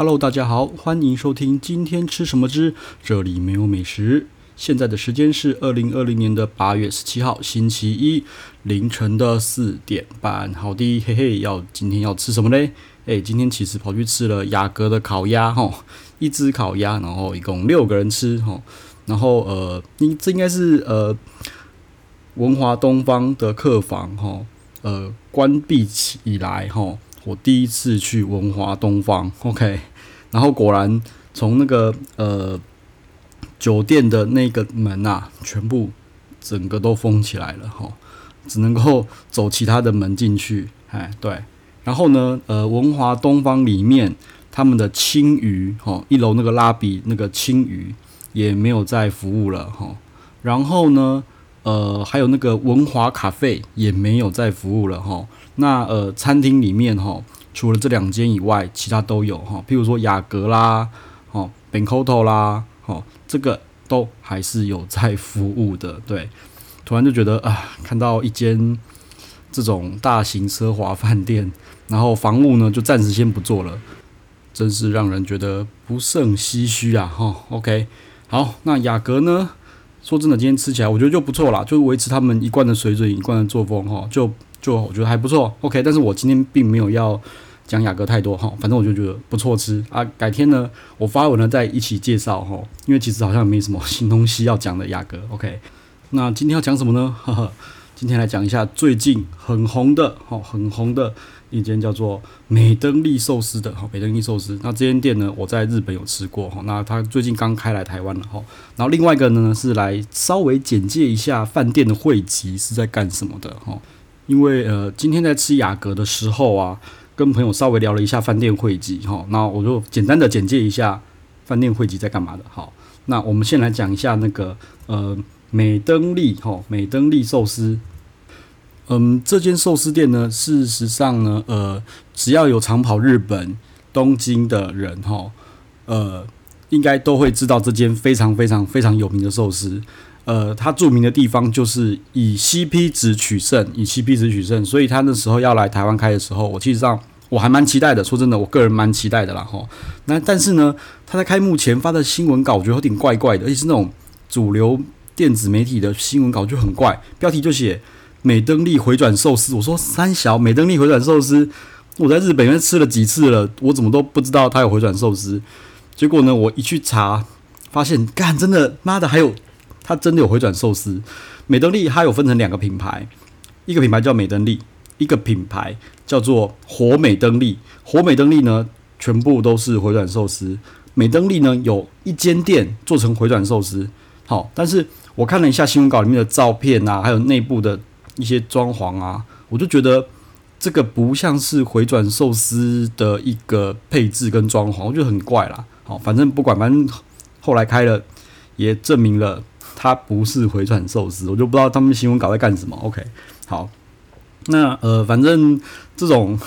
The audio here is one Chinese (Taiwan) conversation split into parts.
Hello，大家好，歡迎收聽今天吃什麼之，這裡沒有美食。現在的時間是二零二零年的八月十七號，星期一凌晨的四點半。好的，嘿嘿，要今天要吃什麼嘞？誒，今天其實跑去吃了雅閣的烤鴨，哈，一隻烤鴨，然後一共六個人吃，哈，然後呃，你這應該是呃，文華東方的客房，哈，呃，關閉起來，哈。我第一次去文華東方，OK，然後果然從那個呃酒店的那個門啊，全部整個都封起來了哈、哦，只能夠走其他的門進去，哎對，然後呢呃文華東方裡面他們的青魚哈、哦，一樓那個拉比那個青魚也沒有在服務了哈、哦，然後呢。呃，還有那個文華咖啡也沒有在服務了哈。那呃，餐廳裡面哈，除了這兩間以外，其他都有哈。譬如說雅閣啦，哦，Banco 啦，哦，這個都還是有在服務的。對，突然就覺得啊、呃，看到一間這種大型奢華飯店，然後房務呢就暫時先不做了，真是讓人覺得不勝唏噓啊。哈，OK，好，那雅閣呢？說真的，今天吃起來我覺得就不錯啦，就是維持他們一貫的水準、一貫的作風哈、哦，就就我覺得還不錯。OK，但是我今天並沒有要講雅閣太多哈、哦，反正我就覺得不錯吃啊。改天呢，我發文了再一起介紹哈、哦，因為其實好像也沒什麼新東西要講的雅閣。OK，那今天要講什麼呢？呵呵，今天來講一下最近很紅的，哈、哦，很紅的。一間叫做美登利壽司的哈，美登利壽司。那這間店呢，我在日本有吃過哈。那它最近剛開來台灣了哈。然後另外一個呢，是來稍微簡介一下飯店的會籍是在幹什麼的哈。因為呃，今天在吃雅閣的時候啊，跟朋友稍微聊了一下飯店會籍。哈。那我就簡單的簡介一下飯店會籍在幹嘛的。好，那我們先來講一下那個呃，美登利哈，美登利壽司。嗯，這間壽司店呢，事實上呢，呃，只要有常跑日本東京的人吼，呃，應該都會知道這間非常非常非常有名的壽司。呃，它著名的地方就是以 CP 值取勝，以 CP 值取勝。所以他那時候要來台灣開的時候，我其實上我還蠻期待的。說真的，我個人蠻期待的啦吼。那但是呢，他在開幕前發的新聞稿，我覺得有點怪怪的，而且是那種主流電子媒體的新聞稿就很怪，標題就寫。美登利迴轉壽司，我說三小美登利迴轉壽司，我在日本也吃了幾次了，我怎麼都不知道它有迴轉壽司？結果呢，我一去查，發現幹真的，媽的，還有它真的有迴轉壽司。美登利它有分成兩個品牌，一個品牌叫美登利，一個品牌叫做活美登利。活美登利呢，全部都是迴轉壽司。美登利呢，有一間店做成迴轉壽司。好，但是我看了一下新聞稿裡面的照片啊，還有內部的。一些裝潢啊，我就覺得這個不像是回轉壽司的一個配置跟裝潢，我覺得很怪啦。好，反正不管，反正後來開了也證明了它不是回轉壽司，我就不知道他們新聞稿在幹什麼。OK，好，那呃，反正這種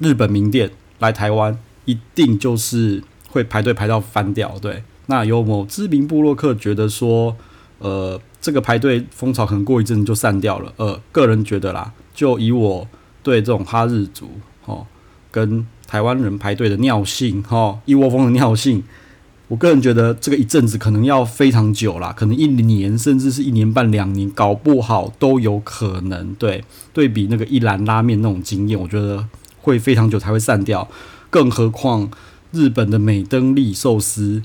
日本名店來台灣一定就是會排隊排到翻掉。對，那有某知名部落客覺得說，呃。這個排隊風潮可能過一陣子就散掉了。呃，個人覺得啦，就以我對這種哈日族哦跟台灣人排隊的尿性哈、哦，一窩蜂的尿性，我個人覺得這個一陣子可能要非常久了，可能一年甚至是一年半兩年，搞不好都有可能。對，對比那個一蘭拉麵那種經驗，我覺得會非常久才會散掉。更何況日本的美登利壽司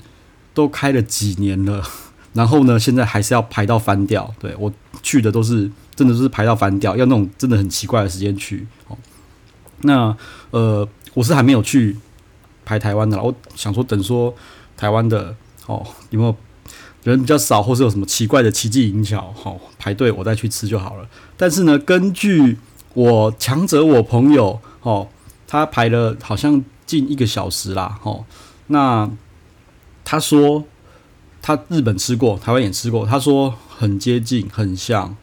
都開了幾年了。然後呢？現在還是要排到翻掉。對我去的都是真的，就是排到翻掉，要那種真的很奇怪的時間去。哦，那呃，我是還沒有去排台灣的啦。我想說，等說台灣的哦，有沒有人比較少，或是有什麼奇怪的奇蹟影響？哦，排隊我再去吃就好了。但是呢，根據我強者我朋友，哦，他排了好像近一個小時啦。哦，那他說。他日本吃過，台灣也吃過。他說很接近，很像，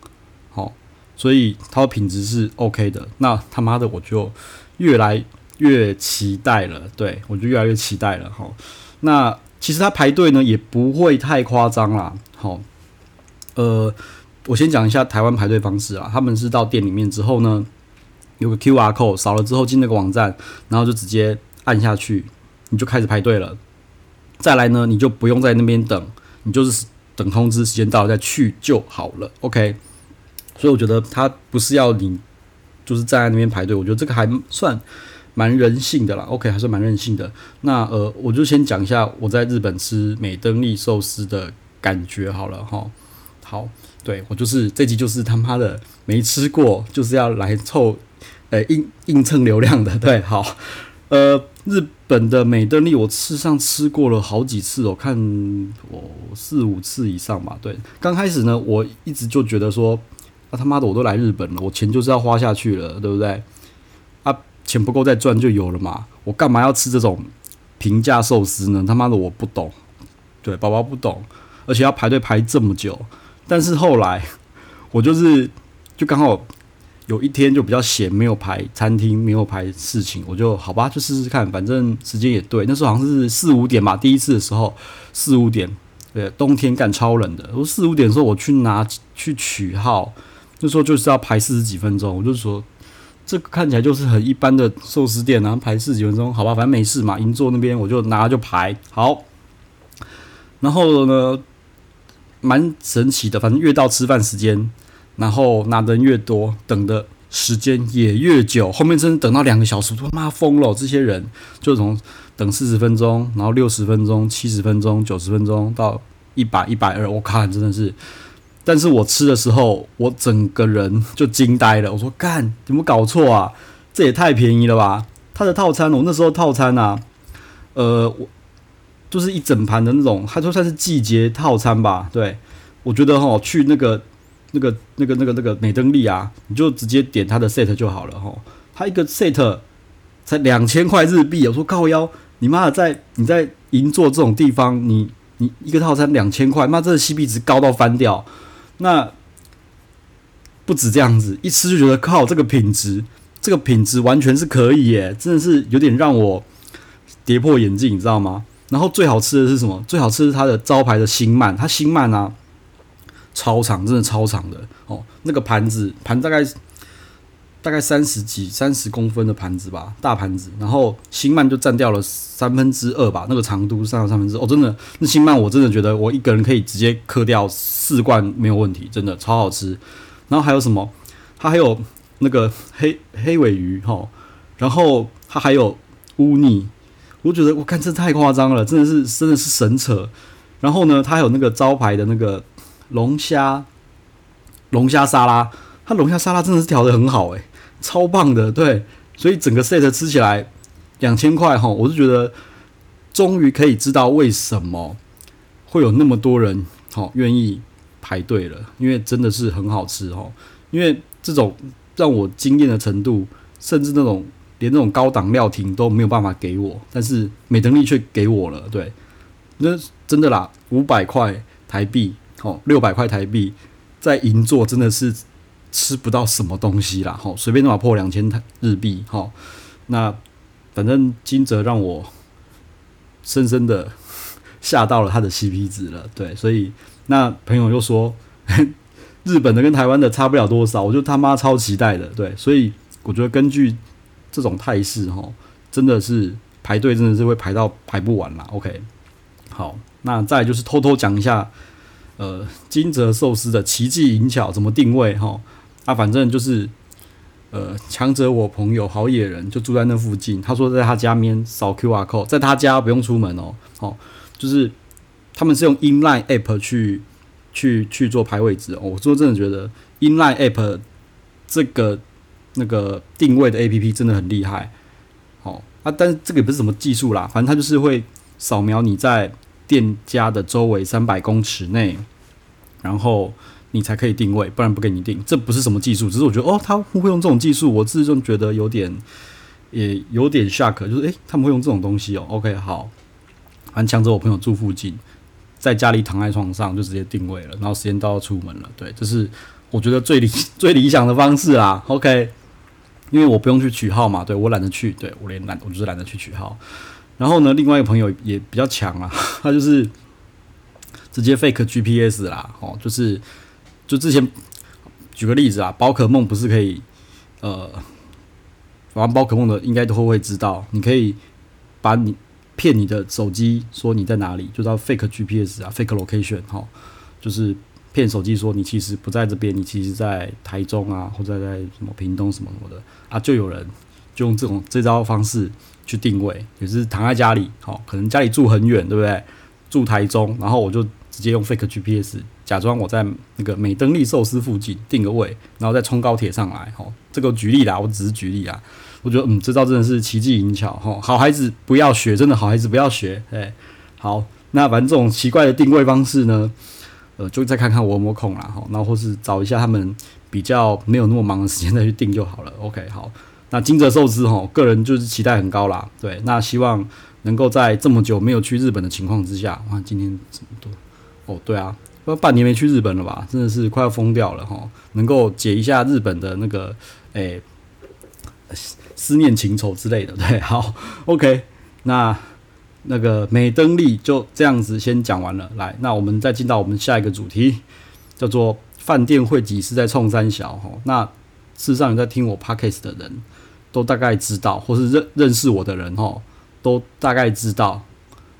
好，所以他的品質是 OK 的。那他媽的，我就越來越期待了。對，我就越來越期待了，好。那其實他排隊呢也不會太誇張啦，好。呃，我先講一下台灣排隊方式啊，他們是到店裡面之後呢，有個 QR code，掃了之後進那個網站，然後就直接按下去，你就開始排隊了。再來呢，你就不用在那邊等，你就是等通知時間到了再去就好了，OK。所以我覺得他不是要你就是站在那邊排隊，我覺得這個還算蠻人性的啦，OK，還算蠻人性的。那呃，我就先講一下我在日本吃美登利壽司的感覺好了哈。好，對我就是這集就是他媽的沒吃過，就是要來湊呃、欸、硬硬蹭流量的，對，好，呃。日本的美登利，我吃上吃過了好幾次哦，我看我四五次以上吧。對，剛開始呢，我一直就覺得說，啊他媽的，我都來日本了，我錢就是要花下去了，對不對？啊，錢不夠再賺就有了嘛，我幹嘛要吃這種平價壽司呢？他媽的，我不懂，對，寶寶不懂，而且要排隊排這麼久。但是後來，我就是就剛好。有一天就比較閒，沒有排餐廳，沒有排事情，我就好吧，就試試看，反正時間也對。那時候好像是四五點吧，第一次的時候四五點，對，冬天幹超冷的。我四五點的時候我去拿去取號，那時候就是要排四十幾分鐘。我就說，這個看起來就是很一般的壽司店，然後排四十幾分鐘，好吧，反正沒事嘛。銀座那邊我就拿就排好，然後呢，蠻神奇的，反正越到吃飯時間。然後拿的人越多，等的時間也越久。後面真的等到兩個小時，都他媽瘋了、哦！這些人就從等四十分鐘，然後六十分鐘、七十分鐘、九十分鐘到一百、一百二，我靠，真的是！但是我吃的時候，我整個人就驚呆了。我說幹，怎麼搞錯啊？這也太便宜了吧！他的套餐，我那時候套餐啊，呃，我就是一整盤的那種，他說算是季節套餐吧。對我覺得哈、哦，去那個。那個、那個、那個、那個美登利啊，你就直接點它的 set 就好了吼。它一個 set 才兩千塊日幣，我說靠腰，你媽在你在銀座這種地方，你你一個套餐兩千塊，媽真的 CP 值高到翻掉。那不止這樣子，一吃就覺得靠，這個品質，這個品質完全是可以耶、欸，真的是有點讓我跌破眼鏡，你知道嗎？然後最好吃的是什麼？最好吃是它的招牌的星鰻，它星鰻啊。超長，真的超長的哦！那個盤子盤大概大概三十幾三十公分的盤子吧，大盤子。然後星鰻就占掉了三分之二吧，那個長度占了三分之哦，真的。那星鰻我真的覺得我一個人可以直接嗑掉四貫沒有問題，真的超好吃。然後還有什麼？它還有那個黑黑尾魚哈、哦，然後它還有烏膩。我覺得我看這太誇張了，真的是真的是神扯。然後呢，它還有那個招牌的那個。龍蝦，龍蝦沙拉，它龍蝦沙拉真的是調的很好，欸，哎，超棒的。對，所以整個 set 吃起來兩千塊哈，我是覺得終於可以知道為什麼會有那麼多人好願意排隊了，因為真的是很好吃哦。因為這種讓我驚艷的程度，甚至那種連那種高檔料亭都沒有辦法給我，但是美登利卻給我了。對，那真的啦，五百塊台幣。好，六百塊台幣在銀座真的是吃不到什麼東西啦。好、哦，隨便都要破兩千台日幣。好、哦，那反正金澤讓我深深的嚇到了他的 CP 值了。對，所以那朋友又說，日本的跟台灣的差不了多少。我就他媽超期待的。對，所以我覺得根據這種態勢，哦，真的是排隊真的是會排到排不完啦，OK，好，那再就是偷偷講一下。呃，金澤壽司的奇技淫巧怎麼定位哈、哦？啊，反正就是呃，強者我朋友好野人就住在那附近。他說在他家面掃 QR code，在他家不用出門哦。好、哦，就是他們是用 InLine App 去去去做排位置哦。我說真的覺得 InLine App 這個那個定位的 APP 真的很厲害。好、哦、啊，但是這個也不是什麼技術啦，反正他就是會掃描你在。店家的周圍三百公尺內，然後你才可以定位，不然不給你定。這不是什麼技術，只是我覺得哦，他會用這種技術，我自己就覺得有點，也有點嚇客，就是誒，他們會用這種東西哦。OK，好，反正搶走我朋友住附近，在家裡躺在床上就直接定位了，然後時間到要出門了，對，這是我覺得最理最理想的方式啊。OK，因為我不用去取號嘛，對，我懶得去，對，我連懶，我就是懶得去取號。然後呢，另外一個朋友也比較強啊，他就是直接 fake GPS 啦，哦，就是就之前舉個例子啊，寶可夢不是可以呃玩寶可夢的，應該都會知道，你可以把你騙你的手機說你在哪裡，就叫 fake GPS 啊，啊，fake location 哈、哦，就是騙手機說你其實不在這邊，你其實，在台中啊，或者在什麼屏東什麼什麼的啊，就有人。就用這種這招方式去定位，也是躺在家裡，好、哦，可能家裡住很遠，對不對？住台中，然後我就直接用 fake GPS 假裝我在那個美登利壽司附近定個位，然後再衝高鐵上來，吼、哦。這個舉例啦，我只是舉例啊。我覺得，嗯，這招真的是奇技淫巧，吼、哦。好孩子不要學，真的好孩子不要學，哎。好，那反正這種奇怪的定位方式呢，呃，就再看看我有沒有空啦、哦，然後或是找一下他們比較沒有那麼忙的時間再去定就好了。嗯、OK，好。那金澤壽司吼，個人就是期待很高啦，對，那希望能夠在這麼久沒有去日本的情況之下，哇，今天這麼多，哦，對啊，半年沒去日本了吧，真的是快要瘋掉了吼，能夠解一下日本的那個誒、欸，思念情仇之類的，對，好，OK，那那個美登利就這樣子先講完了，來，那我們再進到我們下一個主題，叫做飯店會籍是在衝三小吼，那事實上有在聽我 Podcast 的人。都大概知道，或是認認識我的人哈，都大概知道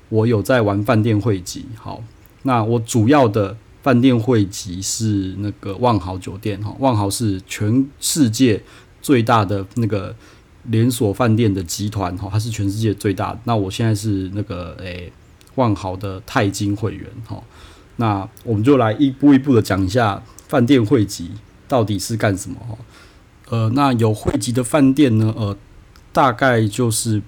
我有在玩飯店會籍。好，那我主要的飯店會籍是那個萬豪酒店哈，萬豪是全世界最大的那個連鎖飯店的集團哈，它是全世界最大。那我現在是那個誒、欸、萬豪的鈦金會員哈，那我們就來一步一步的講一下飯店會籍到底是幹什麼哈。呃，那有會籍的飯店呢？呃，大概就是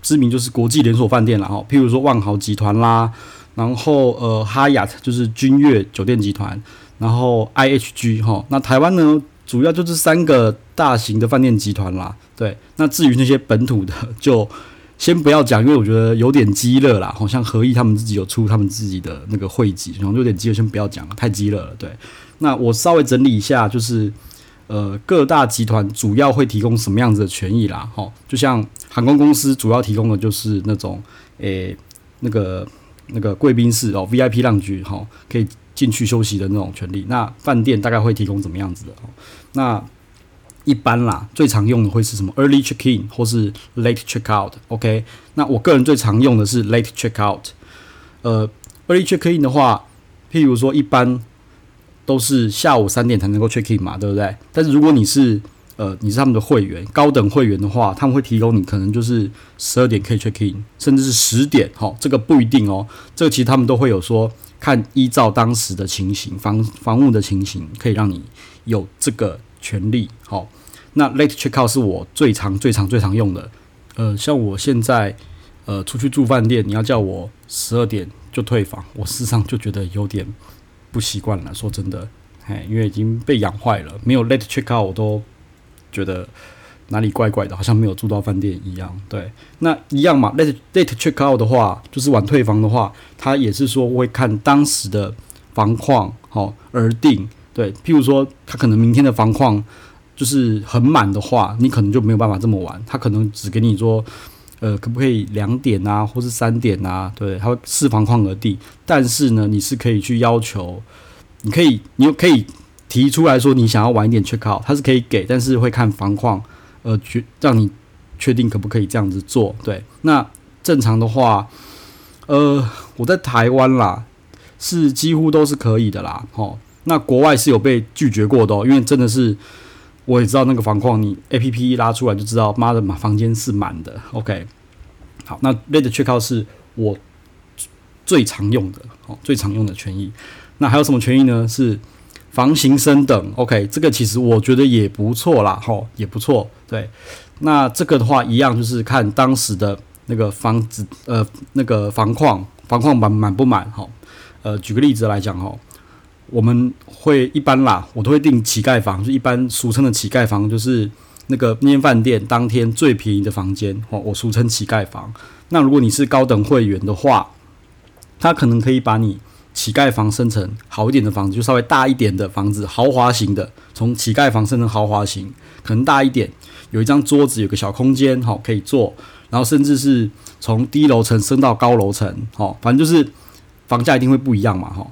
知名就是國際連鎖飯店了哈，譬如說萬豪集團啦，然後呃，哈雅就是君悅酒店集團，然後 I H G 哈，那台灣呢，主要就是三個大型的飯店集團啦。對，那至於那些本土的，就先不要講，因為我覺得有點雞肋啦。好像和逸他們自己有出他們自己的那個會籍，好像有點雞肋，先不要講了，太雞肋了。對，那我稍微整理一下，就是。呃，各大集團主要會提供什麼樣子的權益啦？哈、哦，就像航空公司主要提供的就是那種，誒、欸，那個那個貴賓室哦，VIP lounge 哈，可以進去休息的那種權利。那飯店大概會提供怎麼樣子的？那一般啦，最常用的會是什麼？Early check-in 或是 late check-out。Out, OK，那我個人最常用的是 late check-out。呃，early check-in 的話，譬如說一般。都是下午三點才能夠 check in 嘛，對不對？但是如果你是呃，你是他們的會員，高等會員的話，他們會提供你可能就是十二點可以 check in，甚至是十點。好、哦，這個不一定哦。這個其實他們都會有說，看依照當時的情形，房房屋的情形，可以讓你有這個權利。好、哦，那 late check out 是我最常、最常、最常用的。呃，像我現在呃出去住飯店，你要叫我十二點就退房，我事實上就覺得有點。不習慣了，說真的，嘿，因為已經被養壞了，沒有 late check out 我都覺得哪裡怪怪的，好像沒有住到飯店一樣。對，那一樣嘛，late late check out 的話，就是晚退房的話，他也是說會看當時的房況好、哦、而定。對，譬如說，他可能明天的房況就是很滿的話，你可能就沒有辦法這麼晚，他可能只給你說。呃，可不可以兩點啊，或是三點啊？對，他會視房況而定。但是呢，你是可以去要求，你可以，你又可以提出來說，你想要晚一點 check out，他是可以給，但是會看房況，呃，去讓你確定可不可以這樣子做。對，那正常的話，呃，我在台灣啦，是幾乎都是可以的啦。哦，那國外是有被拒絕過的喔，因為真的是。我也知道那個房況，你 APP 一拉出來就知道，媽的，的，滿房間是滿的。OK，好，那 Late Check-out 是我最常用的，哦，最常用的權益。那還有什麼權益呢？是房型升等。OK，這個其實我覺得也不錯啦，哈，也不錯。對，那這個的話一樣，就是看當時的那個房子，呃，那個房況，房況滿滿不滿。哈，呃，舉個例子來講，哈，我們。會一般啦，我都會訂乞丐房，就一般俗稱的乞丐房，就是那個那間飯店當天最便宜的房間哦。我俗稱乞丐房。那如果你是高等會員的話，他可能可以把你乞丐房升成好一點的房子，就稍微大一點的房子，豪華型的。從乞丐房升成豪華型，可能大一點，有一張桌子，有個小空間哈、哦，可以坐。然後甚至是從低樓層升到高樓層，哈、哦，反正就是房價一定會不一樣嘛，哈、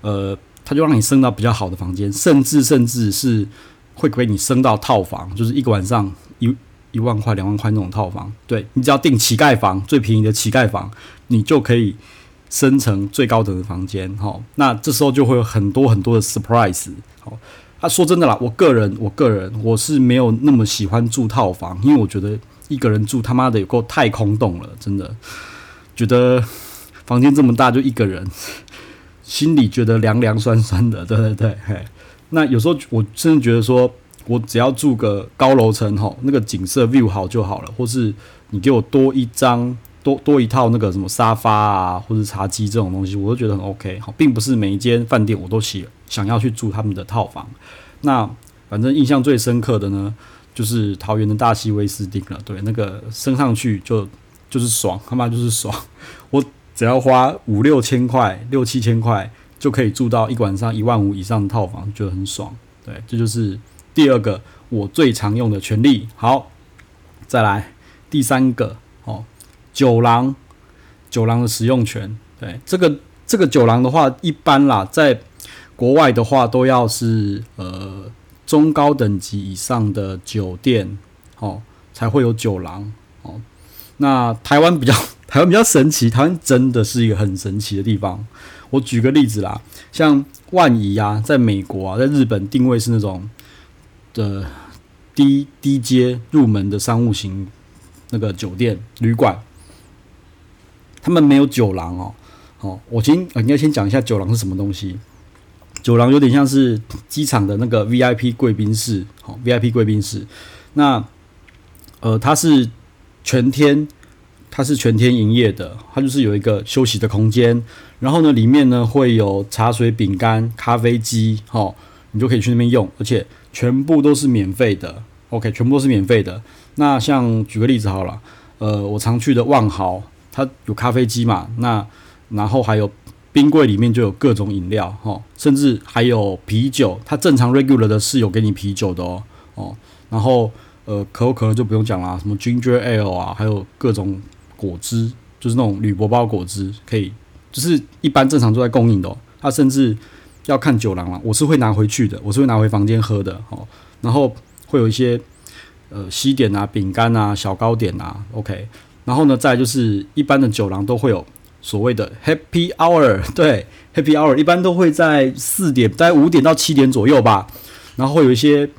哦，呃。他就讓你升到比較好的房間，甚至甚至是會給你升到套房，就是一個晚上一一萬塊、兩萬塊那種套房。對你只要訂乞丐房最便宜的乞丐房，你就可以升成最高等的房間。好，那這時候就會有很多很多的 surprise。好、啊，他說真的啦，我個人我個人我是沒有那麼喜歡住套房，因為我覺得一個人住他媽的有夠太空洞了，真的覺得房間這麼大就一個人。心裡覺得涼涼酸酸的，對對對，嘿，那有時候我甚至覺得說，我只要住個高樓層吼，那個景色 view 好就好了，或是你給我多一張多多一套那個什麼沙發啊，或者茶几這種東西，我都覺得很 OK。好，並不是每一間飯店我都想想要去住他們的套房。那反正印象最深刻的呢，就是桃園的大溪威斯汀了，對，那個升上去就就是爽，他媽就是爽，我。只要花五六千塊、六七千塊就可以住到一晚上一萬五以上的套房，覺得很爽。對，這就是第二個我最常用的權利。好，再來第三個哦，酒廊，酒廊的使用權。對，這個這個酒廊的話，一般啦，在國外的話都要是呃中高等級以上的酒店哦才會有酒廊哦。那台灣比較。台灣比較神奇，台灣真的是一個很神奇的地方。我舉個例子啦，像萬怡啊，在美國啊，在日本定位是那種的、呃、低低階入門的商務型那個酒店旅館，他們沒有酒廊哦。好、哦，我先、呃、應該先講一下酒廊是什麼東西。酒廊有點像是機場的那個 VIP 貴賓室，好、哦、VIP 貴賓室，那呃，它是全天。它是全天營業的，它就是有一個休息的空間，然後呢，裡面呢會有茶水、餅乾、咖啡機，哈、哦，你就可以去那邊用，而且全部都是免費的。OK，全部都是免費的。那像舉個例子好了，呃，我常去的萬豪，它有咖啡機嘛？那然後還有冰櫃裡面就有各種飲料，哈、哦，甚至還有啤酒。它正常 regular 的是有給你啤酒的哦。哦，然後呃，可口可樂就不用講啦、啊，什麼 Ginger Ale 啊，還有各種。果汁就是那種鋁箔包果汁，可以就是一般正常都在供應的、喔。它甚至要看酒廊了，我是會拿回去的，我是會拿回房間喝的、喔，然後會有一些呃西點啊、餅乾啊、小糕點啊，OK。然後呢，再就是一般的酒廊都會有所謂的 Happy Hour，對，Happy Hour 一般都會在四點，大概五點到七點左右吧。然後會有一些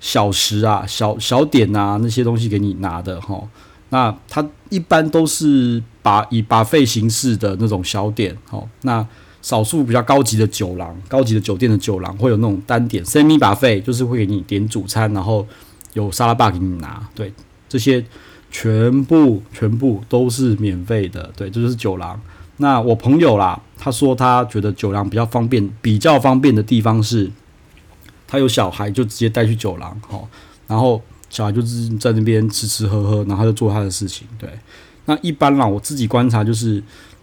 小食啊、小小點啊那些東西給你拿的，哈、喔。那它一般都是把以 buffet 形式的那種小點，哦，那少數比較高級的酒廊，高級的酒店的酒廊會有那種單點 semi buffet，buffet，就是會給你點主餐，然後有沙拉吧給你拿，對，這些全部全部都是免費的，對，這就是酒廊。那我朋友啦，他說他覺得酒廊比較方便，比較方便的地方是，他有小孩就直接帶去酒廊，哦，然後。小孩就是在那邊吃吃喝喝，然後他就做他的事情。對，那一般啦，我自己觀察就是，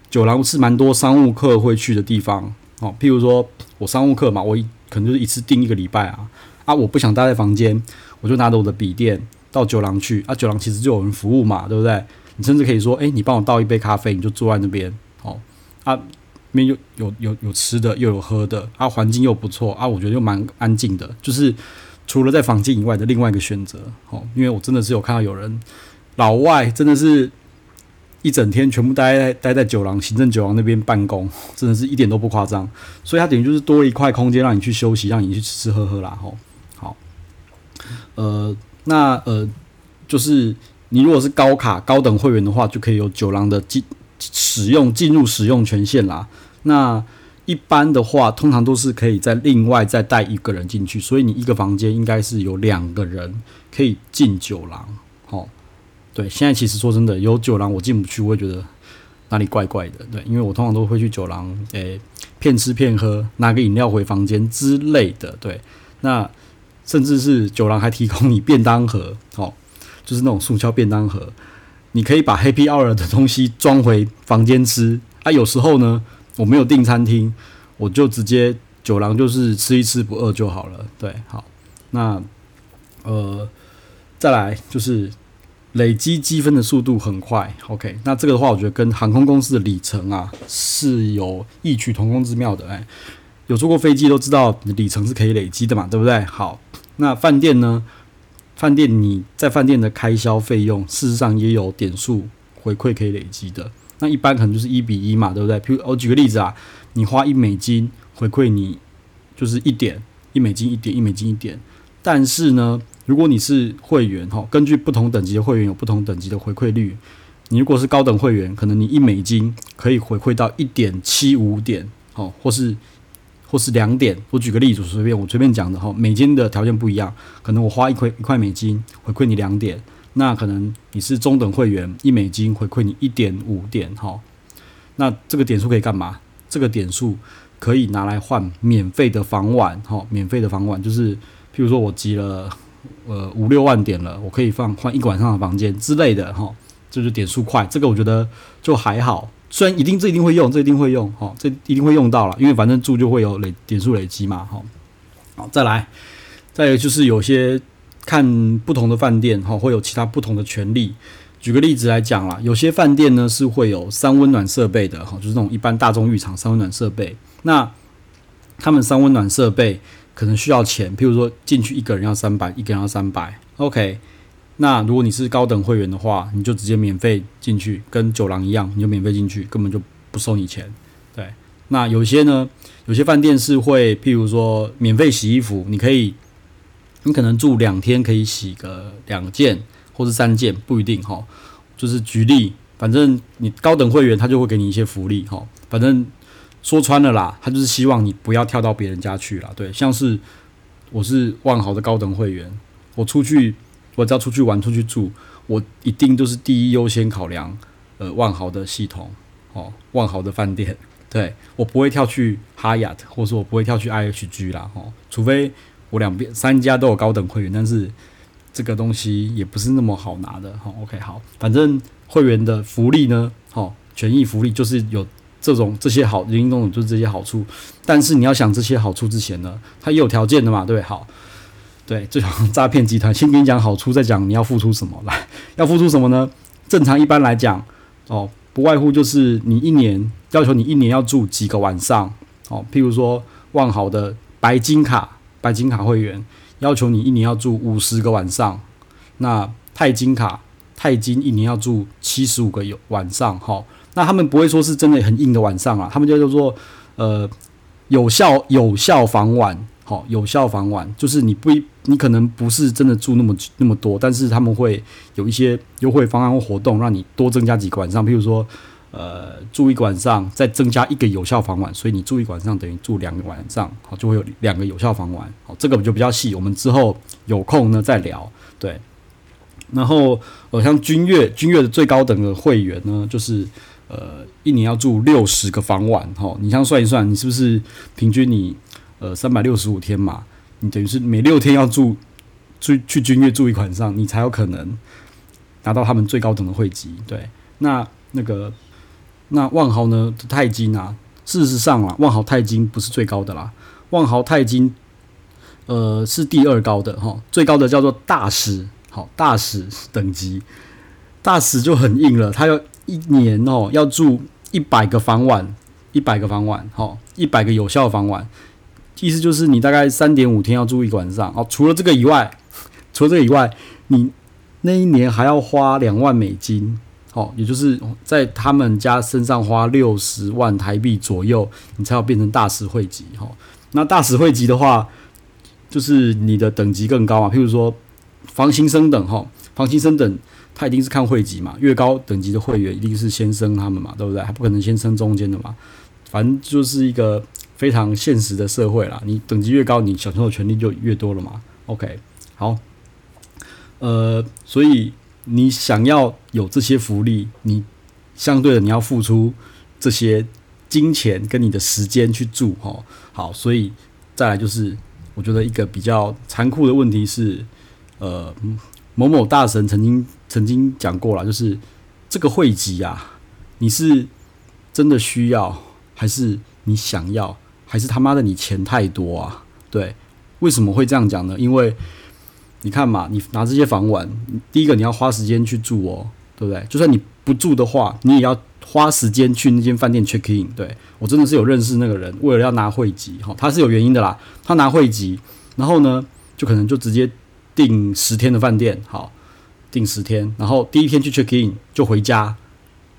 酒廊是蠻多商務客會去的地方。哦，譬如說我商務客嘛，我一可能就是一次訂一個禮拜啊啊，我不想待在房間，我就拿着我的筆電到酒廊去。啊，酒廊其實就有人服務嘛，對不對？你甚至可以說，誒，你幫我倒一杯咖啡，你就坐在那邊。哦啊，那邊又有有有，有吃的，又有喝的，啊，環境又不錯啊，我覺得又蠻安靜的，就是。除了在房間以外的另外一個選擇，哦，因為我真的是有看到有人，老外真的是一整天全部待在待在酒廊、行政酒廊那邊辦公，真的是一點都不誇張。所以他等於就是多了一塊空間讓你去休息，讓你去吃吃喝喝啦，吼，好。呃，那呃，就是你如果是高卡、高等會員的話，就可以有酒廊的進使用、進入使用權限啦。那一般的話，通常都是可以在另外再帶一個人進去，所以你一個房間應該是有兩個人可以進酒廊，哦。對。現在其實說真的，有酒廊我進不去，我也覺得哪裡怪怪的，對，因為我通常都會去酒廊，誒、欸，騙吃騙喝，拿個飲料回房間之類的，對。那甚至是酒廊還提供你便當盒，好、哦，就是那種塑膠便當盒，你可以把 Happy Hour 的東西裝回房間吃啊，有時候呢。我沒有訂餐廳，我就直接酒廊，就是吃一吃不餓就好了。對，好，那呃，再來就是累積積分的速度很快。OK，那這個的話，我覺得跟航空公司的里程啊是有異曲同工之妙的，欸。哎，有坐過飛機都知道里程是可以累積的嘛，對不對？好，那飯店呢？飯店你在飯店的開銷費用，事實上也有點數回饋可以累積的。那一般可能就是一比一嘛，對不對？比如我舉個例子啊，你花一美金回饋你，就是一點一美金一點一美金一點。但是呢，如果你是會員哈，根據不同等級的會員有不同等級的回饋率。你如果是高等會員，可能你一美金可以回饋到一點七五點，好，或是或是兩點。我舉個例子，隨便我隨便講的哈，每間的條件不一樣，可能我花一塊一塊美金回饋你兩點。那可能你是中等會員，一美金回饋你一點五點哈，那這個點數可以幹嘛？這個點數可以拿來換免費的房晚哈、哦，免費的房晚就是譬如說我集了呃五六萬點了，我可以放換一個晚上的房間之類的哈、哦，就是點數快，這個我覺得就還好，雖然一定這一定會用，這一定會用哈、哦，這一定會用到了，因為反正住就會有累點數累積嘛哈、哦。好，再來，再來就是有些。看不同的飯店哈，會有其他不同的權利。舉個例子來講啦，有些飯店呢是會有三溫暖設備的哈，就是那種一般大眾浴場三溫暖設備。那他們三溫暖設備可能需要錢，譬如說進去一個人要三百，一個人要三百。OK，那如果你是高等會員的話，你就直接免費進去，跟酒廊一樣，你就免費進去，根本就不收你錢。對，那有些呢，有些飯店是會譬如說免費洗衣服，你可以。你可能住兩天可以洗個兩件或是三件，不一定哈。就是舉例，反正你高等會員他就會給你一些福利哈。反正說穿了啦，他就是希望你不要跳到別人家去啦。對，像是我是萬豪的高等會員，我出去我只要出去玩出去住，我一定就是第一優先考量呃萬豪的系統哦，萬豪的飯店。對我不會跳去哈雅，或者我不會跳去 IHG 啦哈，除非。兩邊三家都有高等會員，但是這個東西也不是那麼好拿的。好，哦，OK，好，反正會員的福利呢，好，哦，權益福利就是有這種這些好運動，就是這些好處。但是你要想這些好處之前呢，它也有條件的嘛，對，好，對，就像詐騙集團先給你講好處，再講你要付出什麼來，要付出什麼呢？正常一般來講，哦，不外乎就是你一年要求你一年要住幾個晚上，哦，譬如說萬豪的白金卡。白金卡會員要求你一年要住五十個晚上，那鈦金卡鈦金一年要住七十五個有晚上，好，那他們不會說是真的很硬的晚上啊，他們就叫做呃有效有效房晚，好，有效房晚，效晚就是你不你可能不是真的住那麼那麼多，但是他們會有一些優惠方案或活動讓你多增加幾個晚上，譬如說。呃，住一晚上再增加一個有效房晚，所以你住一晚上等於住兩個晚上，好，就會有兩個有效房晚，好，這個就比較細，我們之後有空呢再聊，對。然後，呃，像君悅，君悅的最高等的會員呢，就是呃，一年要住六十個房晚，哈，你像算一算，你是不是平均你呃三百六十五天嘛，你等於是每六天要住住去君悅住一晚上，你才有可能拿到他們最高等的會籍，對。那那個。那萬豪呢？鈦金啊，事實上啊，萬豪鈦金不是最高的啦，萬豪鈦金，呃，是第二高的哈。最高的叫做大使，好，大使等級，大使就很硬了。他要一年哦，要住一百個房晚，一百個房晚，好，一百個有效的房晚，意思就是你大概三點五天要住一個晚上。哦，除了這個以外，除了這個以外，你那一年還要花兩萬美金。哦，也就是在他們家身上花六十萬台幣左右，你才要變成大使會籍哈。那大使會籍的話，就是你的等級更高啊，譬如說，房型升等，哈，房型升等，他一定是看會籍嘛。越高等級的會員，一定是先升他們嘛，對不對？還不可能先升中間的嘛。反正就是一個非常現實的社會啦。你等級越高，你享有的權利就越多了嘛。OK，好，呃，所以。你想要有這些福利，你相對的你要付出這些金錢跟你的時間去住哦。好，所以再來就是，我覺得一個比較殘酷的問題是，呃，某某大神曾經曾經講過啦，就是這個會籍啊，你是真的需要，還是你想要，還是他媽的你錢太多啊？對，為什麼會這樣講呢？因為。你看嘛，你拿這些房玩，第一個你要花時間去住哦，喔，對不對？就算你不住的話，你也要花時間去那間飯店 check in。對，我真的是有認識那個人，為了要拿會籍哈，他是有原因的啦。他拿會籍，然後呢，就可能就直接訂十天的飯店，好，訂十天。然後第一天去 check in 就回家，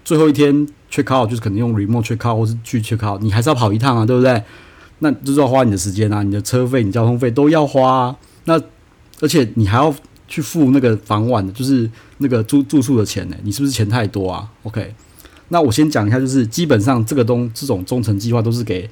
最後一天 check out 就是可能用 remote check out 或是去 check out，你還是要跑一趟啊，對不對？那就是要花你的時間啊，你的車費、你交通費都要花，啊，那。而且你還要去付那個房晚的，就是那個住住宿的錢呢？你是不是錢太多啊？OK，那我先講一下，就是基本上這個東這種忠誠計劃都是給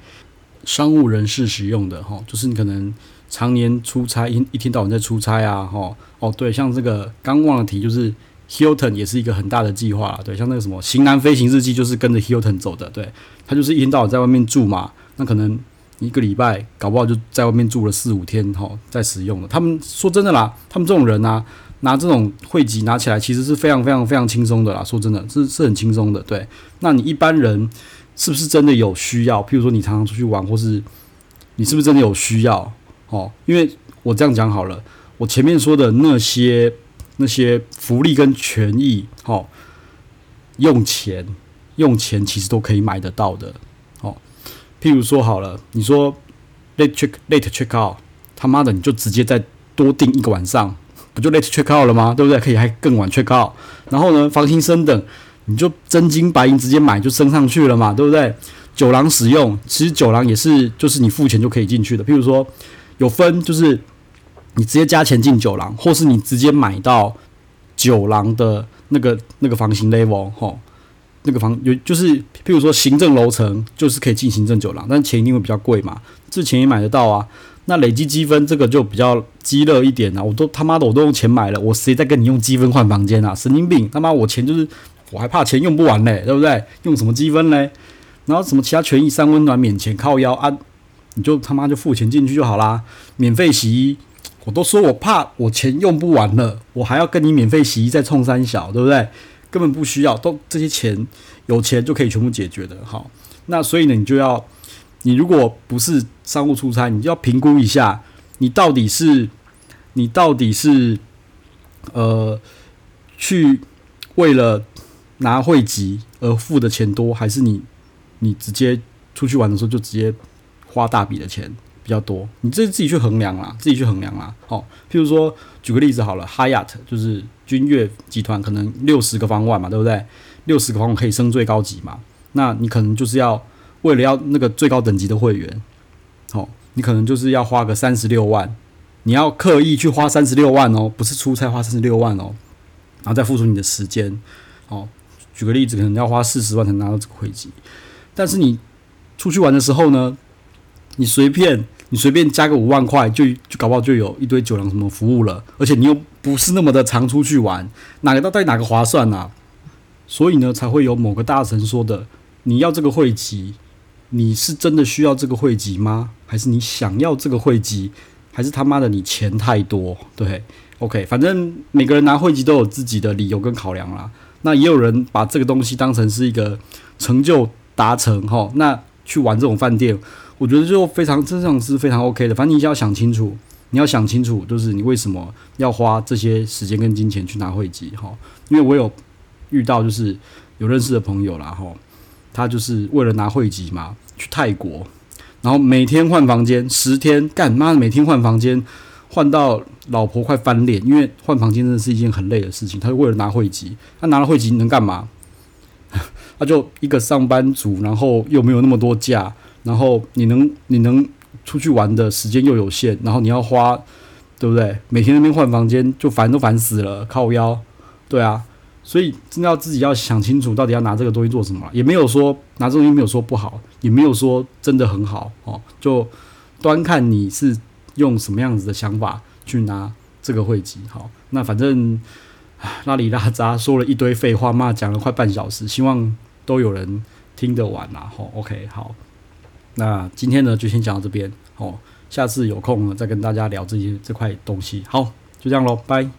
商務人士使用的齁，就是你可能常年出差，一一天到晚在出差啊，齁，哦對，像這個剛忘了提，就是 Hilton 也是一個很大的計劃，對，像那個什麼《型男飛行日記》就是跟着 Hilton 走的，對，他就是一天到晚在外面住嘛，那可能。一個禮拜，搞不好就在外面住了四五天，吼，在使用的。他們說真的啦，他們這種人啊，拿這種會籍拿起來，其實是非常非常非常輕鬆的啦。說真的是，是是很輕鬆的。對，那你一般人是不是真的有需要？譬如說，你常常出去玩，或是你是不是真的有需要？哦，因為我這樣講好了，我前面說的那些那些福利跟權益，哦，用錢用錢其實都可以買得到的。譬如說好了，你說 late check, late check out，他媽的，你就直接再多訂一個晚上，不就 late check out 了嗎？對不對？可以還更晚 check out。然後呢，房型升等，你就真金白銀直接買就升上去了嘛，對不對？酒廊使用，其實酒廊也是就是你付錢就可以進去的。譬如說有分，就是你直接加錢進酒廊，或是你直接買到酒廊的那個那個房型 level 齁。這個房有就是，譬如說行政樓層，就是可以進行政酒廊，但錢一定會比較貴嘛。這錢也買得到啊。那累積積分這個就比較雞肋一點啦、啊。我都他媽的我都用錢買了，我誰在跟你用積分換房間啊？神經病！他媽我錢就是，我還怕錢用不完嘞，對不對？用什麼積分嘞？然後什麼其他權益，三溫暖、免錢、靠腰啊，你就他媽就付錢進去就好啦。免費洗衣，我都說我怕我錢用不完了，我還要跟你免費洗衣再沖三小，對不對？根本不需要，都這些錢，有錢就可以全部解決的。好，那所以呢，你就要，你如果不是商務出差，你就要評估一下，你到底是，你到底是，呃，去為了拿會籍而付的錢多，還是你，你直接出去玩的時候就直接花大筆的錢。比較多，你自自己去衡量啦，自己去衡量啦。哦，譬如說，舉個例子好了 Hyatt 就是君悅集團，可能六十個房晚嘛，對不對？六十個房晚可以升最高級嘛？那你可能就是要為了要那個最高等級的會員，好、哦，你可能就是要花個三十六萬，你要刻意去花三十六萬哦、喔，不是出差花三十六萬哦、喔，然後再付出你的時間。好、哦，舉個例子，可能要花四十萬才拿到這個會籍，但是你出去玩的時候呢？你隨便，你隨便加個五萬塊，就就搞不好就有一堆酒廊什麼服務了。而且你又不是那麼的常出去玩，哪個到底哪個划算啊？所以呢，才會有某個大神說的：“你要這個會籍，你是真的需要這個會籍嗎？還是你想要這個會籍？還是他媽的你錢太多？”對，OK，反正每個人拿會籍都有自己的理由跟考量啦。那也有人把這個東西當成是一個成就達成哈，那去玩這種飯店。我覺得就非常，這種是非常 OK 的。反正你就要想清楚，你要想清楚，就是你為什麼要花這些時間跟金錢去拿會籍哈、哦？因為我有遇到，就是有認識的朋友啦哈、哦，他就是為了拿會籍嘛，去泰國，然後每天換房間，十天幹嘛每天換房間，換到老婆快翻臉，因為換房間真的是一件很累的事情。他就為了拿會籍，他拿了會籍你能幹嘛？ 他就一個上班族，然後又沒有那麼多假。然後你能你能出去玩的時間又有限，然後你要花，對不對？每天那邊換房間就煩都煩死了，靠腰，對啊，所以真的要自己要想清楚，到底要拿這個東西做什麼？也沒有說拿這東西沒有說不好，也沒有說真的很好哦，就端看你是用什麼樣子的想法去拿這個會籍。好、哦，那反正唉邋裡邋遢說了一堆廢話，嘛講了快半小時，希望都有人聽得完啊。好、哦、，OK，好。那今天呢，就先講到這邊哦。下次有空呢，再跟大家聊這些這塊東西。好，就這樣嘍，拜。